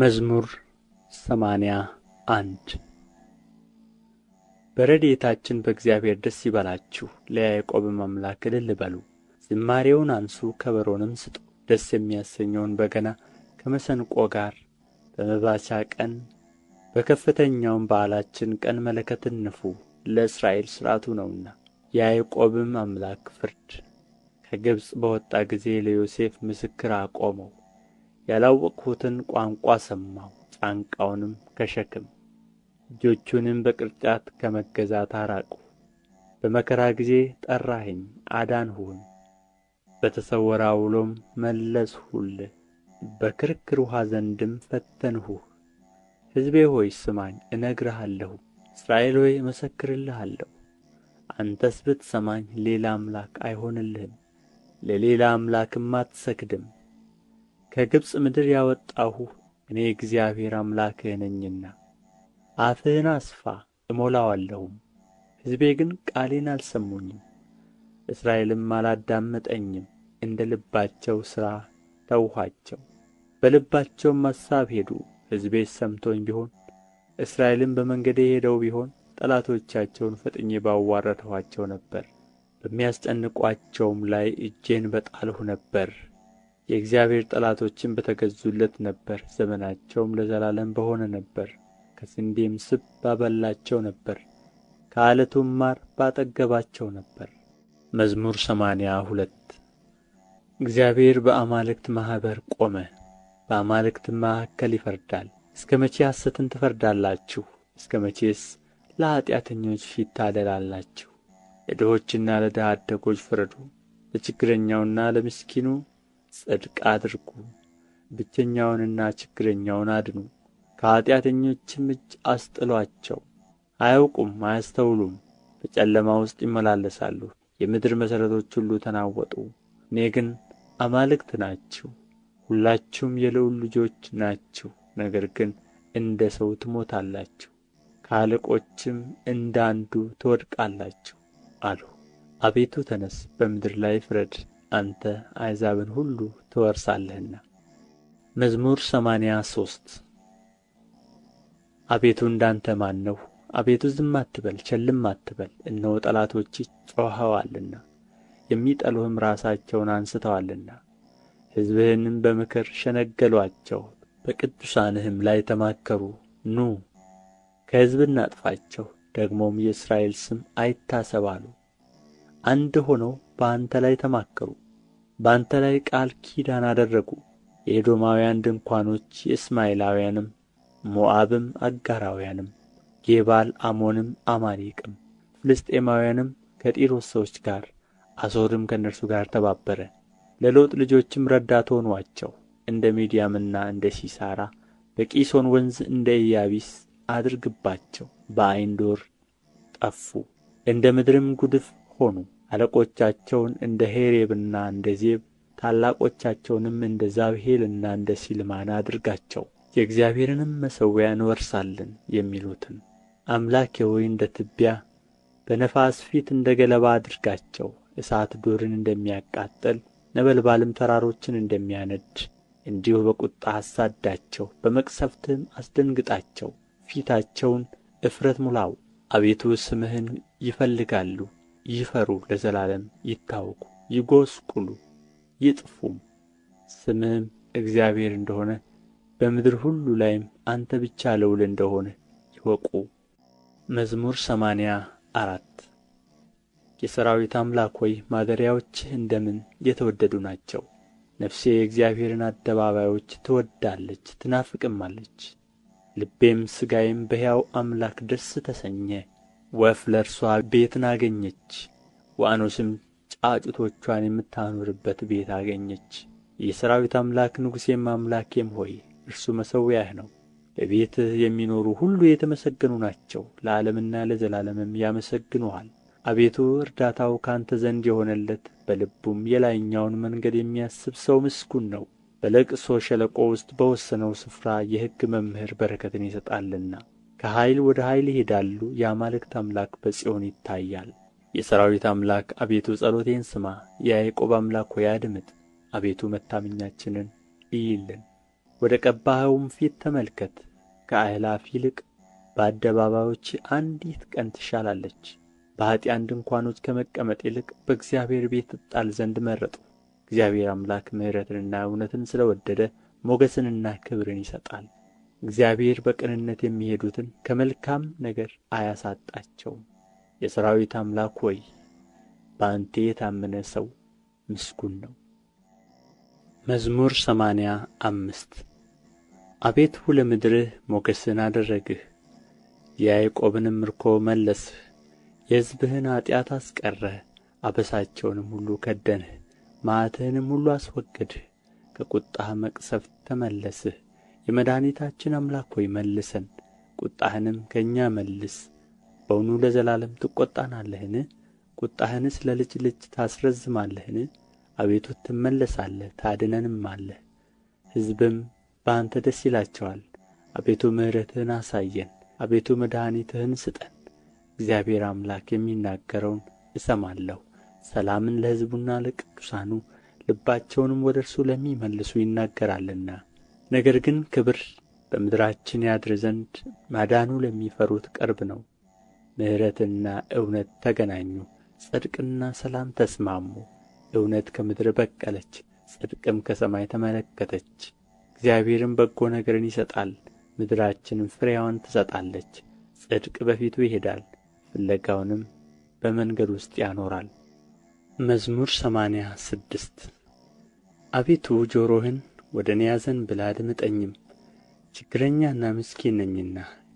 መዝሙር ሰማንያ አንድ በረድኤታችን በእግዚአብሔር ደስ ይበላችሁ፣ ለያዕቆብም አምላክ እልል በሉ። ዝማሬውን አንሱ፣ ከበሮንም ስጡ፣ ደስ የሚያሰኘውን በገና ከመሰንቆ ጋር በመባቻ ቀን በከፍተኛውም በዓላችን ቀን መለከትን ንፉ። ለእስራኤል ሥርዓቱ ነውና የያዕቆብም አምላክ ፍርድ ከግብፅ በወጣ ጊዜ ለዮሴፍ ምስክር አቆመው። ያላወቅሁትን ቋንቋ ሰማሁ ጫንቃውንም ከሸክም እጆቹንም በቅርጫት ከመገዛት አራቁ በመከራ ጊዜ ጠራኸኝ አዳንሁህም በተሰወረ አውሎም መለስሁልህ በክርክር ውኃ ዘንድም ፈተንሁህ ሕዝቤ ሆይ ስማኝ እነግርሃለሁ እስራኤል ሆይ እመሰክርልሃለሁ አንተስ ብትሰማኝ ሌላ አምላክ አይሆንልህም ለሌላ አምላክም አትሰግድም ከግብጽ ምድር ያወጣሁ እኔ እግዚአብሔር አምላክህ ነኝና አፍህን አስፋ እሞላዋለሁም ሕዝቤ ግን ቃሌን አልሰሙኝም እስራኤልም አላዳመጠኝም እንደ ልባቸው ሥራ ተውኋቸው በልባቸውም አሳብ ሄዱ ሕዝቤስ ሰምቶኝ ቢሆን እስራኤልም በመንገዴ ሄደው ቢሆን ጠላቶቻቸውን ፈጥኜ ባዋረድኋቸው ነበር በሚያስጨንቋቸውም ላይ እጄን በጣልሁ ነበር የእግዚአብሔር ጠላቶችም በተገዙለት ነበር ዘመናቸውም ለዘላለም በሆነ ነበር ከስንዴም ስብ ባበላቸው ነበር ከዓለቱም ማር ባጠገባቸው ነበር መዝሙር ሰማንያ ሁለት እግዚአብሔር በአማልክት ማኅበር ቆመ በአማልክት መካከል ይፈርዳል እስከ መቼ ሐሰትን ትፈርዳላችሁ እስከ መቼስ ለኀጢአተኞች ፊት ታደላላችሁ ለድሆችና ለድሀ አደጎች ፍረዱ ለችግረኛውና ለምስኪኑ ጽድቅ አድርጉ ብቸኛውንና ችግረኛውን አድኑ ከኃጢአተኞችም እጅ አስጥሉአቸው አያውቁም አያስተውሉም በጨለማ ውስጥ ይመላለሳሉ የምድር መሠረቶች ሁሉ ተናወጡ እኔ ግን አማልክት ናችሁ ሁላችሁም የልዑል ልጆች ናችሁ ነገር ግን እንደ ሰው ትሞታላችሁ ከአለቆችም እንደ አንዱ ትወድቃላችሁ አልሁ አቤቱ ተነስ በምድር ላይ ፍረድ አንተ አሕዛብን ሁሉ ትወርሳለህና መዝሙር ሰማንያ ሶስት አቤቱ እንደ አንተ ማን ነው? አቤቱ ዝም አትበል ቸልም አትበል። እነሆ ጠላቶችህ ጮኸዋልና የሚጠሉህም ራሳቸውን አንስተዋልና ሕዝብህንም በምክር ሸነገሉአቸው፣ በቅዱሳንህም ላይ ተማከሩ። ኑ ከሕዝብ እናጥፋቸው፣ ደግሞም የእስራኤል ስም አይታሰብ አሉ። አንድ ሆነው በአንተ ላይ ተማከሩ በአንተ ላይ ቃል ኪዳን አደረጉ የኤዶማውያን ድንኳኖች የእስማኤላውያንም ሞዓብም አጋራውያንም ጌባል አሞንም አማሌቅም ፍልስጥኤማውያንም ከጢሮስ ሰዎች ጋር አሦርም ከእነርሱ ጋር ተባበረ ለሎጥ ልጆችም ረዳት ሆኑአቸው እንደ ሚዲያምና እንደ ሲሳራ በቂሶን ወንዝ እንደ ኢያቢስ አድርግባቸው በዓይንዶር ጠፉ እንደ ምድርም ጉድፍ ሆኑ አለቆቻቸውን እንደ ሄሬብና እንደ ዜብ ታላቆቻቸውንም እንደ ዛብሄልና እንደ ስልማና አድርጋቸው የእግዚአብሔርንም መሠዊያ እንወርሳለን የሚሉትን አምላኬ ሆይ እንደ ትቢያ በነፋስ ፊት እንደ ገለባ አድርጋቸው። እሳት ዱርን እንደሚያቃጥል ነበልባልም ተራሮችን እንደሚያነድ እንዲሁ በቁጣ አሳዳቸው፣ በመቅሰፍትህም አስደንግጣቸው። ፊታቸውን እፍረት ሙላው፣ አቤቱ ስምህን ይፈልጋሉ ይፈሩ ለዘላለም ይታወቁ ይጎስቁሉ ይጥፉም ስምህም እግዚአብሔር እንደሆነ በምድር ሁሉ ላይም አንተ ብቻ ልዑል እንደሆነ ይወቁ መዝሙር ሰማንያ አራት የሰራዊት አምላክ ሆይ ማደሪያዎችህ እንደምን የተወደዱ ናቸው ነፍሴ የእግዚአብሔርን አደባባዮች ትወዳለች ትናፍቅማለች ልቤም ሥጋዬም በሕያው አምላክ ደስ ተሰኘ ወፍ ለእርስዋ ቤትን አገኘች ዋኖስም ጫጩቶችዋን የምታኖርበት ቤት አገኘች የሠራዊት አምላክ ንጉሴም አምላኬም ሆይ እርሱ መሠዊያህ ነው በቤትህ የሚኖሩ ሁሉ የተመሰገኑ ናቸው ለዓለምና ለዘላለምም ያመሰግኑሃል አቤቱ እርዳታው ካንተ ዘንድ የሆነለት በልቡም የላይኛውን መንገድ የሚያስብ ሰው ምስጉን ነው በለቅሶ ሸለቆ ውስጥ በወሰነው ስፍራ የሕግ መምህር በረከትን ይሰጣልና ከኃይል ወደ ኃይል ይሄዳሉ የአማልክት አምላክ በጽዮን ይታያል የሠራዊት አምላክ አቤቱ ጸሎቴን ስማ የያዕቆብ አምላክ ሆይ አድምጥ አቤቱ መታመኛችንን እይልን ወደ ቀባኸውም ፊት ተመልከት ከአእላፍ ይልቅ በአደባባዮች አንዲት ቀን ትሻላለች በኀጢአን ድንኳኖች ከመቀመጥ ይልቅ በእግዚአብሔር ቤት እጣል ዘንድ መረጡ እግዚአብሔር አምላክ ምሕረትንና እውነትን ስለ ወደደ ሞገስንና ክብርን ይሰጣል እግዚአብሔር በቅንነት የሚሄዱትን ከመልካም ነገር አያሳጣቸውም የሠራዊት አምላክ ሆይ በአንተ የታመነ ሰው ምስጉን ነው መዝሙር ሰማንያ አምስት አቤቱ ለምድርህ ሞገስን አደረግህ የያዕቆብንም ምርኮ መለስህ የሕዝብህን ኀጢአት አስቀረህ አበሳቸውንም ሁሉ ከደንህ መዓትህንም ሁሉ አስወገድህ ከቍጣህ መቅሰፍት ተመለስህ የመድኃኒታችን አምላክ ሆይ መልሰን፣ ቍጣህንም ከእኛ መልስ። በውኑ ለዘላለም ትቈጣናለህን? ቍጣህንስ ለልጅ ልጅ ታስረዝማለህን? አቤቱ ትመለሳለህ ታድነንማለህ። ሕዝብም በአንተ ደስ ይላቸዋል። አቤቱ ምሕረትህን አሳየን፣ አቤቱ መድኃኒትህን ስጠን። እግዚአብሔር አምላክ የሚናገረውን እሰማለሁ። ሰላምን ለሕዝቡና ለቅዱሳኑ ልባቸውንም ወደ እርሱ ለሚመልሱ ይናገራልና ነገር ግን ክብር በምድራችን ያድር ዘንድ ማዳኑ ለሚፈሩት ቅርብ ነው ምሕረትና እውነት ተገናኙ ጽድቅና ሰላም ተስማሙ እውነት ከምድር በቀለች ጽድቅም ከሰማይ ተመለከተች እግዚአብሔርም በጎ ነገርን ይሰጣል ምድራችንም ፍሬያውን ትሰጣለች ጽድቅ በፊቱ ይሄዳል ፍለጋውንም በመንገድ ውስጥ ያኖራል መዝሙር ሰማንያ ስድስት አቤቱ ጆሮህን ወደ እኔ ብላ አድምጠኝም ችግረኛና ምስኪን ነኝና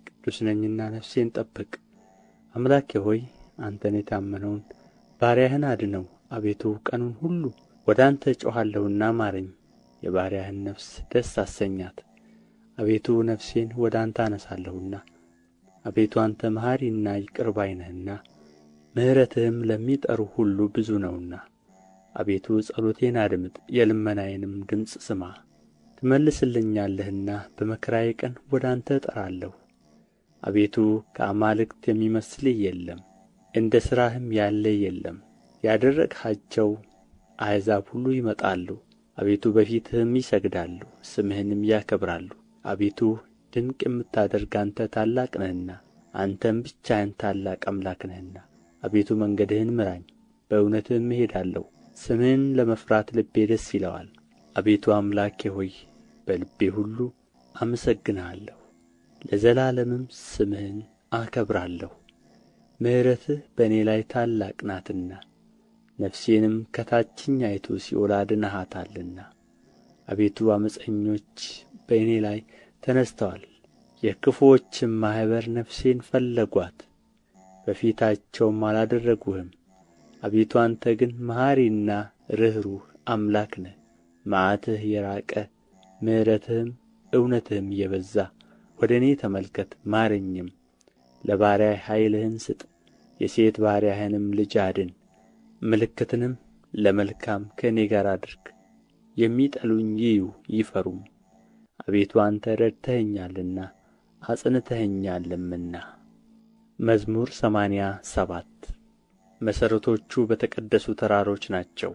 ቅዱስ ነኝና ነፍሴን ጠብቅ አምላኬ ሆይ አንተን የታመነውን ባሪያህን አድነው አቤቱ ቀኑን ሁሉ ወደ አንተ እጮኻለሁና ማረኝ የባሪያህን ነፍስ ደስ አሰኛት አቤቱ ነፍሴን ወደ አንተ አነሳለሁና አቤቱ አንተ መሐሪና ይቅር ባይ ነህና ምሕረትህም ለሚጠሩ ሁሉ ብዙ ነውና አቤቱ ጸሎቴን አድምጥ የልመናዬንም ድምፅ ስማ ትመልስልኛለህና በመከራዬ ቀን ወደ አንተ እጠራለሁ አቤቱ ከአማልክት የሚመስልህ የለም እንደ ሥራህም ያለ የለም ያደረግሃቸው አሕዛብ ሁሉ ይመጣሉ አቤቱ በፊትህም ይሰግዳሉ ስምህንም ያከብራሉ አቤቱ ድንቅ የምታደርግ አንተ ታላቅ ነህና አንተም ብቻህን ታላቅ አምላክ ነህና አቤቱ መንገድህን ምራኝ በእውነትህም እሄዳለሁ ስምህን ለመፍራት ልቤ ደስ ይለዋል አቤቱ አምላኬ ሆይ በልቤ ሁሉ አመሰግንሃለሁ ለዘላለምም ስምህን አከብራለሁ ምሕረትህ በእኔ ላይ ታላቅ ናትና ነፍሴንም ከታችኛይቱ ሲኦል አድነሃታልና አቤቱ ዓመፀኞች በእኔ ላይ ተነሥተዋል የክፉዎችም ማኅበር ነፍሴን ፈለጓት በፊታቸውም አላደረጉህም አቤቱ አንተ ግን መሐሪና ርኅሩህ አምላክ ነህ መዓትህ የራቀ ምሕረትህም እውነትህም እየበዛ ወደ እኔ ተመልከት ማረኝም ለባሪያህ ኃይልህን ስጥ የሴት ባሪያህንም ልጅ አድን ምልክትንም ለመልካም ከእኔ ጋር አድርግ የሚጠሉኝ ይዩ ይፈሩም አቤቱ አንተ ረድተኸኛልና አጽንተኸኛልምና መዝሙር ሰማንያ ሰባት መሠረቶቹ በተቀደሱ ተራሮች ናቸው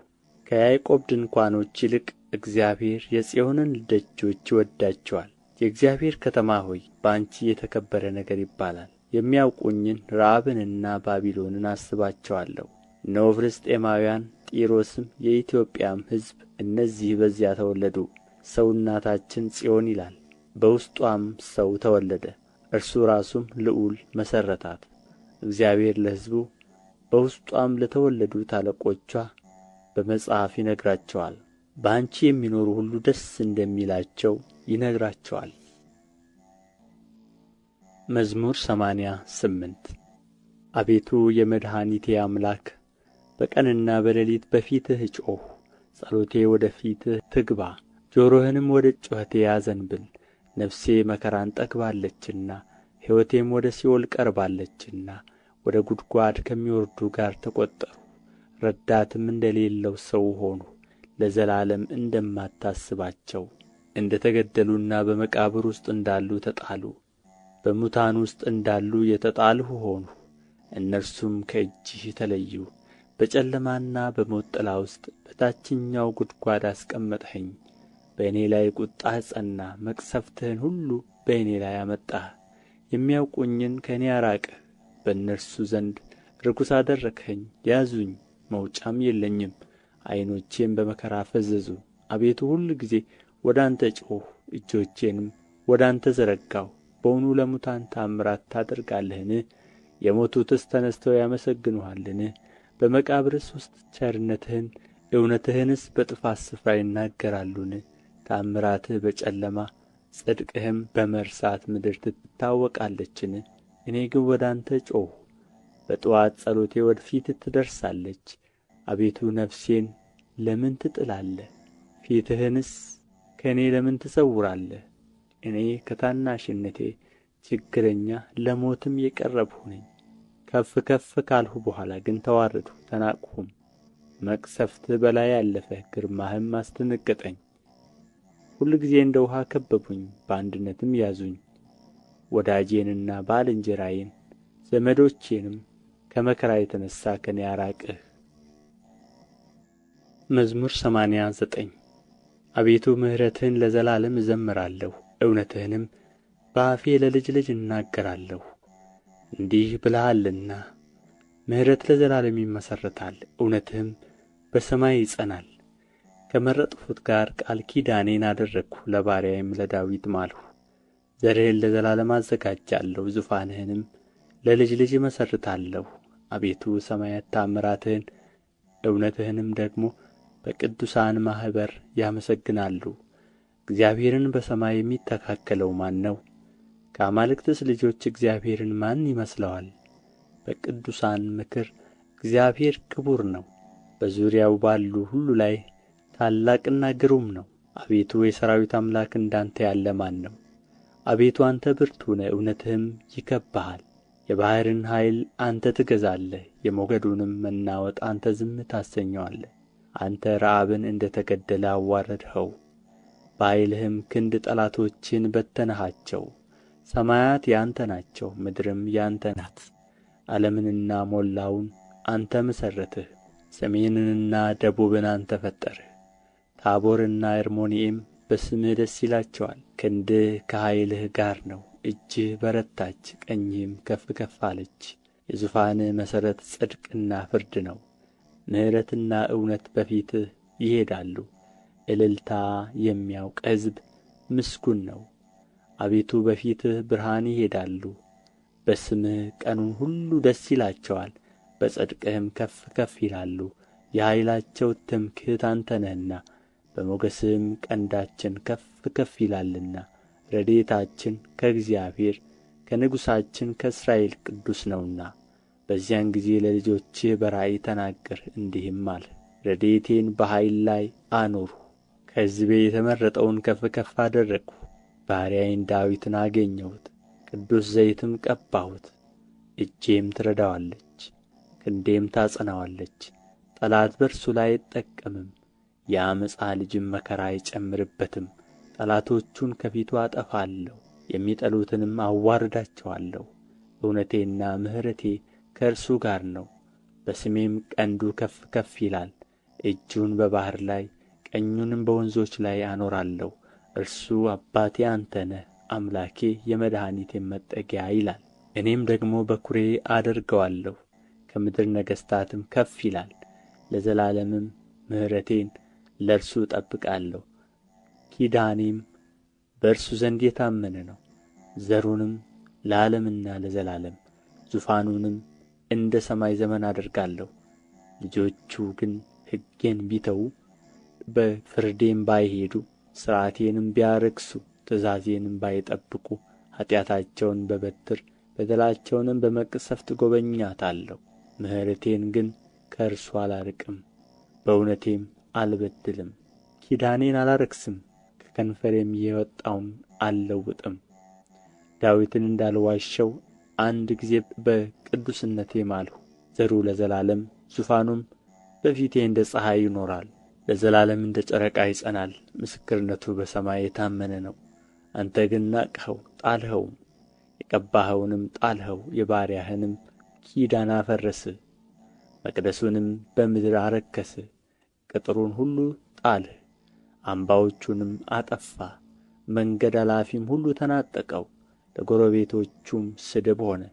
ከያዕቆብ ድንኳኖች ይልቅ እግዚአብሔር የጽዮንን ደጆች ይወዳቸዋል። የእግዚአብሔር ከተማ ሆይ በአንቺ የተከበረ ነገር ይባላል የሚያውቁኝን ረዓብንና ባቢሎንን አስባቸዋለሁ እነሆ ፍልስጥኤማውያን ጢሮስም የኢትዮጵያም ሕዝብ እነዚህ በዚያ ተወለዱ ሰው እናታችን ጽዮን ይላል በውስጧም ሰው ተወለደ እርሱ ራሱም ልዑል መሠረታት እግዚአብሔር ለሕዝቡ በውስጧም ለተወለዱት አለቆቿ በመጽሐፍ ይነግራቸዋል በአንቺ የሚኖሩ ሁሉ ደስ እንደሚላቸው ይነግራቸዋል መዝሙር ሰማንያ ስምንት አቤቱ የመድኃኒቴ አምላክ በቀንና በሌሊት በፊትህ ጮኽሁ። ጸሎቴ ወደ ፊትህ ትግባ፣ ጆሮህንም ወደ ጩኸቴ ያዘንብል። ነፍሴ መከራን ጠግባለችና ሕይወቴም ወደ ሲኦል ቀርባለችና ወደ ጉድጓድ ከሚወርዱ ጋር ተቈጠሩ። ረዳትም እንደሌለው ሰው ሆንሁ ለዘላለም እንደማታስባቸው እንደ ተገደሉና በመቃብር ውስጥ እንዳሉ ተጣሉ በሙታን ውስጥ እንዳሉ የተጣልሁ ሆንሁ እነርሱም ከእጅህ ተለዩ በጨለማና በሞት ጥላ ውስጥ በታችኛው ጉድጓድ አስቀመጥኸኝ በእኔ ላይ ቁጣ ጸና መቅሰፍትህን ሁሉ በእኔ ላይ አመጣህ የሚያውቁኝን ከእኔ አራቅህ በእነርሱ ዘንድ ርኩስ አደረግኸኝ ያዙኝ መውጫም የለኝም ዓይኖቼም በመከራ ፈዘዙ አቤቱ ሁልጊዜ ወደ አንተ ጮኽሁ እጆቼንም ወደ አንተ ዘረጋሁ በውኑ ለሙታን ተኣምራት ታደርጋለህን የሞቱትስ ተነሥተው ያመሰግኑሃልን በመቃብርስ ውስጥ ቸርነትህን እውነትህንስ በጥፋት ስፍራ ይናገራሉን ተአምራትህ በጨለማ ጽድቅህም በመርሳት ምድር ትታወቃለችን እኔ ግን ወደ አንተ ጮኽሁ በጥዋት ጸሎቴ ወደ ፊት ትደርሳለች አቤቱ ነፍሴን ለምን ትጥላለህ ፊትህንስ ከእኔ ለምን ትሰውራለህ እኔ ከታናሽነቴ ችግረኛ ለሞትም የቀረብሁ ነኝ ከፍ ከፍ ካልሁ በኋላ ግን ተዋረድሁ ተናቅሁም መቅሰፍት በላይ አለፈ ግርማህም አስደነገጠኝ ሁልጊዜ እንደ ውኃ ከበቡኝ በአንድነትም ያዙኝ ወዳጄንና ባልንጀራዬን ዘመዶቼንም ከመከራ የተነሣ ከኔ አራቅህ። መዝሙር 89 አቤቱ ምሕረትህን ለዘላለም እዘምራለሁ፣ እውነትህንም በአፌ ለልጅ ልጅ እናገራለሁ። እንዲህ ብለሃልና ምሕረት ለዘላለም ይመሠረታል፣ እውነትህም በሰማይ ይጸናል። ከመረጥሁት ጋር ቃል ኪዳኔን አደረግሁ፣ ለባሪያዬም ለዳዊት ማልሁ። ዘርህን ለዘላለም አዘጋጃለሁ፣ ዙፋንህንም ለልጅ ልጅ እመሠርታለሁ። አቤቱ ሰማያት ተኣምራትህን እውነትህንም ደግሞ በቅዱሳን ማኅበር ያመሰግናሉ እግዚአብሔርን በሰማይ የሚተካከለው ማን ነው ከአማልክትስ ልጆች እግዚአብሔርን ማን ይመስለዋል በቅዱሳን ምክር እግዚአብሔር ክቡር ነው፣ በዙሪያው ባሉ ሁሉ ላይ ታላቅና ግሩም ነው። አቤቱ የሠራዊት አምላክ እንዳንተ ያለ ማን ነው? አቤቱ አንተ ብርቱ ነህ፣ እውነትህም ይከብብሃል። የባሕርን ኃይል አንተ ትገዛለህ የሞገዱንም መናወጥ አንተ ዝም ታሰኘዋለህ አንተ ረዓብን እንደ ተገደለ አዋረድኸው በኃይልህም ክንድ ጠላቶችህን በተንሃቸው ሰማያት የአንተ ናቸው ምድርም የአንተ ናት ዓለምንና ሞላውን አንተ መሠረትህ ሰሜንንና ደቡብን አንተ ፈጠርህ ታቦርና አርሞንዔም በስምህ ደስ ይላቸዋል ክንድህ ከኃይልህ ጋር ነው እጅህ በረታች ቀኝህም ከፍ ከፍ አለች የዙፋንህ መሠረት ጽድቅና ፍርድ ነው ምሕረትና እውነት በፊትህ ይሄዳሉ እልልታ የሚያውቅ ሕዝብ ምስጉን ነው አቤቱ በፊትህ ብርሃን ይሄዳሉ በስምህ ቀኑን ሁሉ ደስ ይላቸዋል በጽድቅህም ከፍ ከፍ ይላሉ የኃይላቸው ትምክህት አንተ ነህና በሞገስህም ቀንዳችን ከፍ ከፍ ይላልና ረድኤታችን ከእግዚአብሔር ከንጉሣችን ከእስራኤል ቅዱስ ነውና በዚያን ጊዜ ለልጆችህ በራእይ ተናገርህ እንዲህም አለ፦ ረድኤቴን በኃይል ላይ አኖርሁ ከሕዝቤ የተመረጠውን ከፍ ከፍ አደረግሁ ባሪያዬን ዳዊትን አገኘሁት ቅዱስ ዘይትም ቀባሁት እጄም ትረዳዋለች ክንዴም ታጸናዋለች ጠላት በእርሱ ላይ አይጠቀምም የዓመፃ ልጅም መከራ አይጨምርበትም ጠላቶቹን ከፊቱ አጠፋለሁ የሚጠሉትንም አዋርዳቸዋለሁ እውነቴና ምሕረቴ ከእርሱ ጋር ነው በስሜም ቀንዱ ከፍ ከፍ ይላል እጁን በባሕር ላይ ቀኙንም በወንዞች ላይ አኖራለሁ እርሱ አባቴ አንተ ነህ አምላኬ የመድኃኒቴ መጠጊያ ይላል እኔም ደግሞ በኵሬ አደርገዋለሁ ከምድር ነገሥታትም ከፍ ይላል ለዘላለምም ምሕረቴን ለእርሱ እጠብቃለሁ ኪዳኔም በእርሱ ዘንድ የታመነ ነው ዘሩንም ለዓለምና ለዘላለም ዙፋኑንም እንደ ሰማይ ዘመን አደርጋለሁ ልጆቹ ግን ሕጌን ቢተዉ በፍርዴም ባይሄዱ ሥርዓቴንም ቢያረክሱ ትእዛዜንም ባይጠብቁ ኀጢአታቸውን በበትር በደላቸውንም በመቅሰፍት ጐበኛታለሁ ምሕረቴን ግን ከእርሱ አላርቅም በእውነቴም አልበድልም ኪዳኔን አላረክስም ከከንፈሬም የወጣውን አልለውጥም ዳዊትን እንዳልዋሸው አንድ ጊዜ በቅዱስነቴ ማልሁ ዘሩ ለዘላለም ዙፋኑም በፊቴ እንደ ፀሐይ ይኖራል ለዘላለም እንደ ጨረቃ ይጸናል ምስክርነቱ በሰማይ የታመነ ነው አንተ ግን ናቅኸው ጣልኸውም የቀባኸውንም ጣልኸው የባሪያህንም ኪዳን አፈረስህ መቅደሱንም በምድር አረከስህ ቅጥሩን ሁሉ ጣልህ አምባዎቹንም አጠፋ መንገድ አላፊም ሁሉ ተናጠቀው ለጎረቤቶቹም ስድብ ሆነ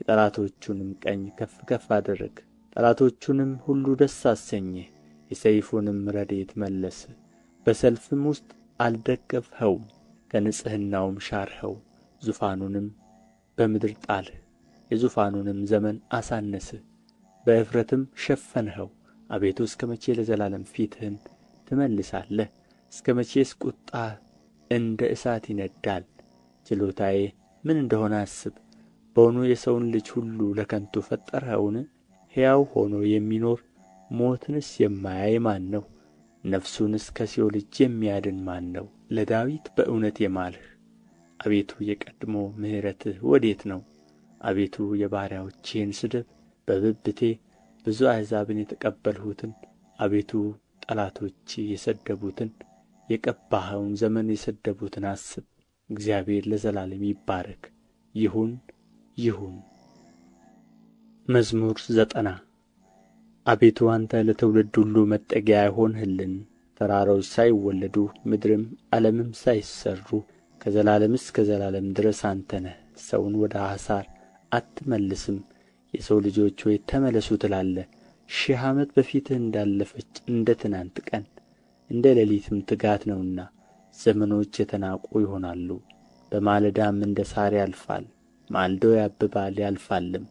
የጠላቶቹንም ቀኝ ከፍ ከፍ አደረግ፣ ጠላቶቹንም ሁሉ ደስ አሰኘ፣ የሰይፉንም ረድኤት መለስ በሰልፍም ውስጥ አልደገፍኸውም ከንጽሕናውም ሻርኸው ዙፋኑንም በምድር ጣልህ የዙፋኑንም ዘመን አሳነስህ በእፍረትም ሸፈንኸው አቤቱ እስከ መቼ ለዘላለም ፊትህን ትመልሳለህ እስከ መቼስ ቁጣ እንደ እሳት ይነዳል። ችሎታዬ ምን እንደሆነ አስብ በውኑ የሰውን ልጅ ሁሉ ለከንቱ ፈጠርኸውን ሕያው ሆኖ የሚኖር ሞትንስ የማያይ ማን ነው ነፍሱንስ ከሲኦል እጅ የሚያድን ማን ነው ለዳዊት በእውነት የማልህ አቤቱ የቀድሞ ምሕረትህ ወዴት ነው አቤቱ የባሪያዎችህን ስድብ በብብቴ ብዙ አሕዛብን የተቀበልሁትን አቤቱ ጠላቶች የሰደቡትን የቀባኸውን ዘመን የሰደቡትን አስብ እግዚአብሔር ለዘላለም ይባረክ ይሁን ይሁን መዝሙር ዘጠና አቤቱ አንተ ለትውልድ ሁሉ መጠጊያ ሆንህልን ተራሮች ሳይወለዱ ምድርም ዓለምም ሳይሠሩ ከዘላለም እስከ ዘላለም ድረስ አንተ ነህ ሰውን ወደ አሳር አትመልስም የሰው ልጆች ሆይ ተመለሱ ትላለህ ሺህ ዓመት በፊትህ እንዳለፈች እንደ ትናንት ቀን እንደ ሌሊትም ትጋት ነውና ዘመኖች የተናቁ ይሆናሉ በማለዳም እንደ ሣር ያልፋል ማልዶ ያብባል ያልፋልም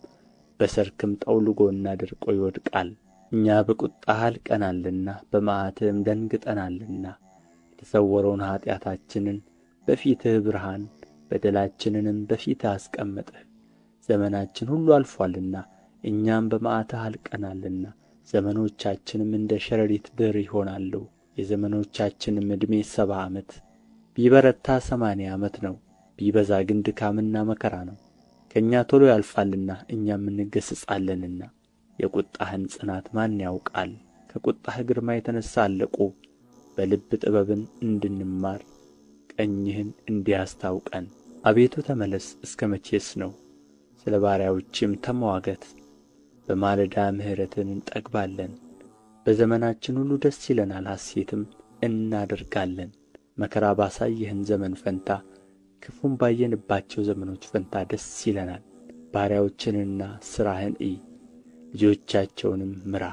በሰርክም ጠውልጎና ደርቆ ይወድቃል እኛ በቍጣህ አልቀናልና በመዓትህም ደንግጠናልና የተሰወረውን ኀጢአታችንን በፊትህ ብርሃን በደላችንንም በፊትህ አስቀመጥህ ዘመናችን ሁሉ አልፏልና እኛም በመዓትህ አልቀናልና ዘመኖቻችንም እንደ ሸረሪት ድር ይሆናሉ የዘመኖቻችንም ዕድሜ ሰባ ዓመት ቢበረታ ሰማንያ ዓመት ነው ቢበዛ ግን ድካምና መከራ ነው ከእኛ ቶሎ ያልፋልና እኛም እንገሥጻለንና የቁጣህን ጽናት ማን ያውቃል ከቁጣህ ግርማ የተነሣ አለቁ በልብ ጥበብን እንድንማር ቀኝህን እንዲያስታውቀን አቤቱ ተመለስ እስከ መቼስ ነው ስለ ባሪያዎችም ተመዋገት በማለዳ ምሕረትን እንጠግባለን በዘመናችን ሁሉ ደስ ይለናል ሐሤትም እናደርጋለን መከራ ባሳየህን ዘመን ፈንታ ክፉን ባየንባቸው ዘመኖች ፈንታ ደስ ይለናል ባሪያዎችንና ሥራህን እይ ልጆቻቸውንም ምራ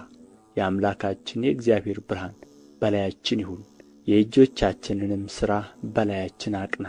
የአምላካችን የእግዚአብሔር ብርሃን በላያችን ይሁን የእጆቻችንንም ሥራ በላያችን አቅና